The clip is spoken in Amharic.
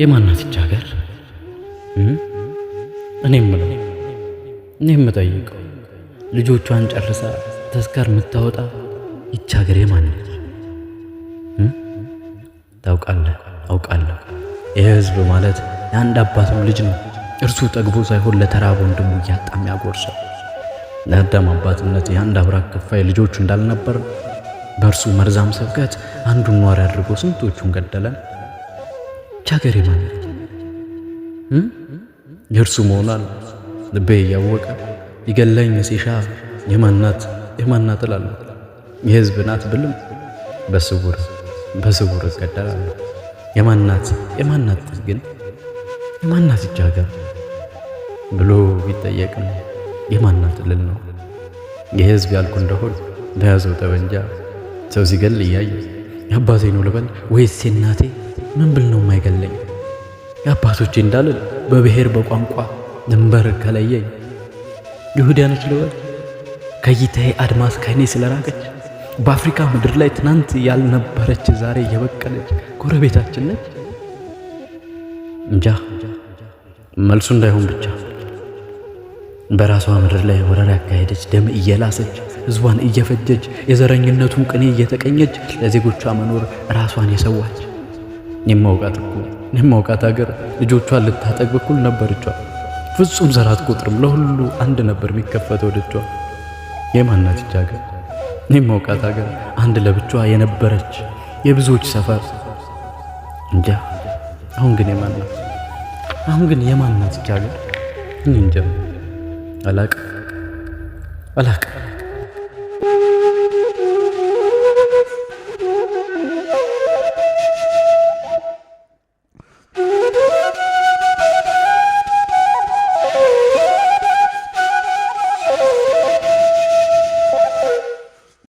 የማናት እች ሀገር? እኔ ምለው እኔ የምጠይቀው ልጆቿን ጨርሳ ተስካር የምታወጣ ይች ሀገር የማናት? ታውቃለህ፣ አውቃለሁ ይህ ህዝብ ማለት የአንድ አባትም ልጅ ነው። እርሱ ጠግቦ ሳይሆን ለተራበ ወንድሙ እያጣ የሚያጎርሰው ለአዳም አባትነት የአንድ አብራክ ክፋይ ልጆቹ እንዳልነበር በእርሱ መርዛም ስብከት አንዱን ኗሪ አድርጎ ስንቶቹን ገደለን። ሀገሬ ማለት የእርሱ መሆኗን ልቤ እያወቀ ይገለኝ ሲሻ የማናት የማናት እላለሁ። የህዝብ ናት ብልም በስውር በስውር እገደላለሁ። የማናት የማናት ግን የማናት ይች ብሎ ቢጠየቅም የማናት ልል ነው። የህዝብ ያልኩ እንደሆን በያዘው ጠበንጃ ሰው ሲገል እያየ አባቴ ነው ልበል ወይስ እናቴ ምን ብል ነው የማይገለኝ? የአባቶቼ እንዳልል በብሔር በቋንቋ ድንበር ከለየኝ ይሁዳነች ልበል ከይታዬ አድማስ ከእኔ ስለራቀች በአፍሪካ ምድር ላይ ትናንት ያልነበረች ዛሬ የበቀለች ጎረቤታችን ነች። እንጃ መልሱ እንዳይሆን ብቻ በራሷ ምድር ላይ ወረራ ያካሄደች፣ ደም እየላሰች፣ ህዝቧን እየፈጀች፣ የዘረኝነቱን ቅኔ እየተቀኘች፣ ለዜጎቿ መኖር ራሷን የሰዋች የማውቃት እኮ የማውቃት ሀገር ልጆቿን ልታጠግ ነበር ነበርቿ። ፍጹም ዘራት ቁጥርም ለሁሉ አንድ ነበር የሚከፈተው ደጇ። የማናት ይች ሀገር የማውቃት ሀገር አንድ ለብቿ የነበረች የብዙዎች ሰፈር እንጃ። አሁን ግን የማናት አሁን ግን የማናት ይች ሀገር እንጃ። አላቅ አላቅ